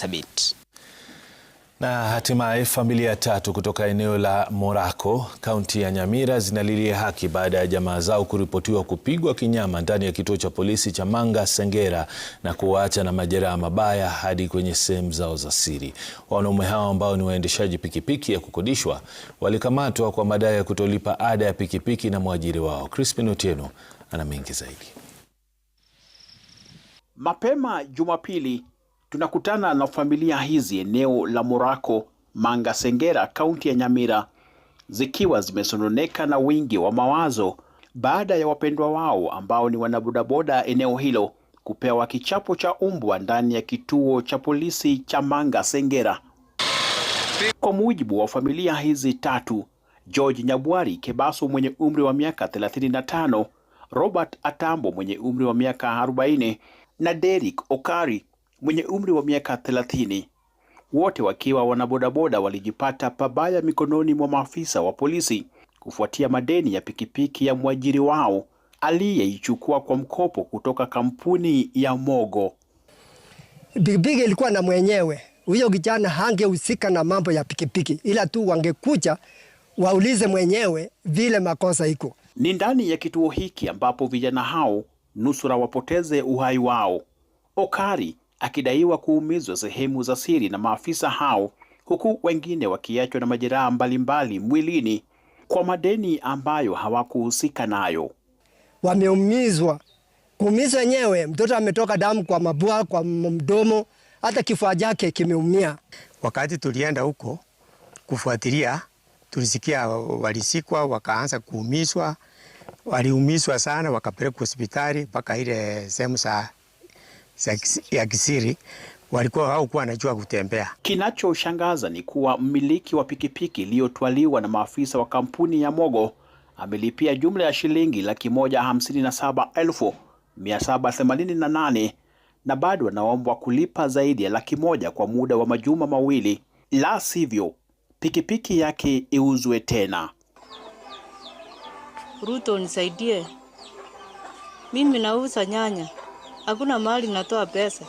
thabiti. Na hatimaye familia tatu kutoka eneo la Morako, kaunti ya Nyamira zinalilia haki baada ya jamaa zao kuripotiwa kupigwa kinyama ndani ya kituo cha polisi cha Manga Sengera na kuwaacha na majeraha mabaya hadi kwenye sehemu zao za siri. Wanaume hao ambao ni waendeshaji pikipiki ya kukodishwa walikamatwa kwa madai ya kutolipa ada ya pikipiki na mwajiri wao. Crispin Otieno ana mengi zaidi. Mapema Jumapili Tunakutana na familia hizi eneo la Murako, sengera kaunti ya Nyamira, zikiwa zimesononeka na wingi wa mawazo baada ya wapendwa wao ambao ni wanabodaboda eneo hilo kupewa kichapo cha umbwa ndani ya kituo cha polisi cha manga sengera Kwa mujibu wa familia hizi tatu, George Nyabwari Kebaso mwenye umri wa miaka 35, Robert Atambo mwenye umri wa miaka 40 na Derek Okari mwenye umri wa miaka 30. wote wakiwa wanabodaboda walijipata pabaya mikononi mwa maafisa wa polisi kufuatia madeni ya pikipiki ya mwajiri wao aliyeichukua kwa mkopo kutoka kampuni ya Mogo. Pikipiki ilikuwa na mwenyewe. Huyo kijana hangehusika na mambo ya pikipiki, ila tu wangekuja waulize mwenyewe vile makosa iko. Ni ndani ya kituo hiki ambapo vijana hao nusura wapoteze uhai wao. Okari akidaiwa kuumizwa sehemu za siri na maafisa hao, huku wengine wakiachwa na majeraha mbalimbali mwilini kwa madeni ambayo hawakuhusika nayo. Wameumizwa kuumizwa wenyewe, mtoto ametoka damu kwa mabua, kwa mdomo, hata kifua chake kimeumia. Wakati tulienda huko kufuatilia, tulisikia walisikwa, wakaanza kuumizwa, waliumizwa sana, wakapelekwa hospitali mpaka ile sehemu za ya kisiri walikuwa hawakuwa wanajua kutembea. Kinachoshangaza ni kuwa mmiliki wa pikipiki iliyotwaliwa na maafisa wa kampuni ya Mogo amelipia jumla ya shilingi laki moja hamsini na saba elfu mia saba themanini na nane na bado anaombwa kulipa zaidi ya laki moja kwa muda wa majuma mawili, la sivyo pikipiki yake iuzwe tena. Ruto, nisaidie, mimi nauza nyanya. Hakuna mahali natoa pesa.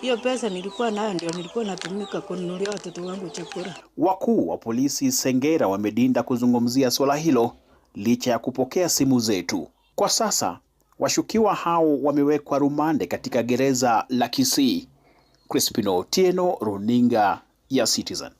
Hiyo pesa nilikuwa nayo ndio nilikuwa natumika kununulia watoto wangu chakula. Wakuu wa polisi Sengera wamedinda kuzungumzia swala hilo licha ya kupokea simu zetu. Kwa sasa washukiwa hao wamewekwa rumande katika gereza la Kisii. Crispino Otieno, runinga ya Citizen.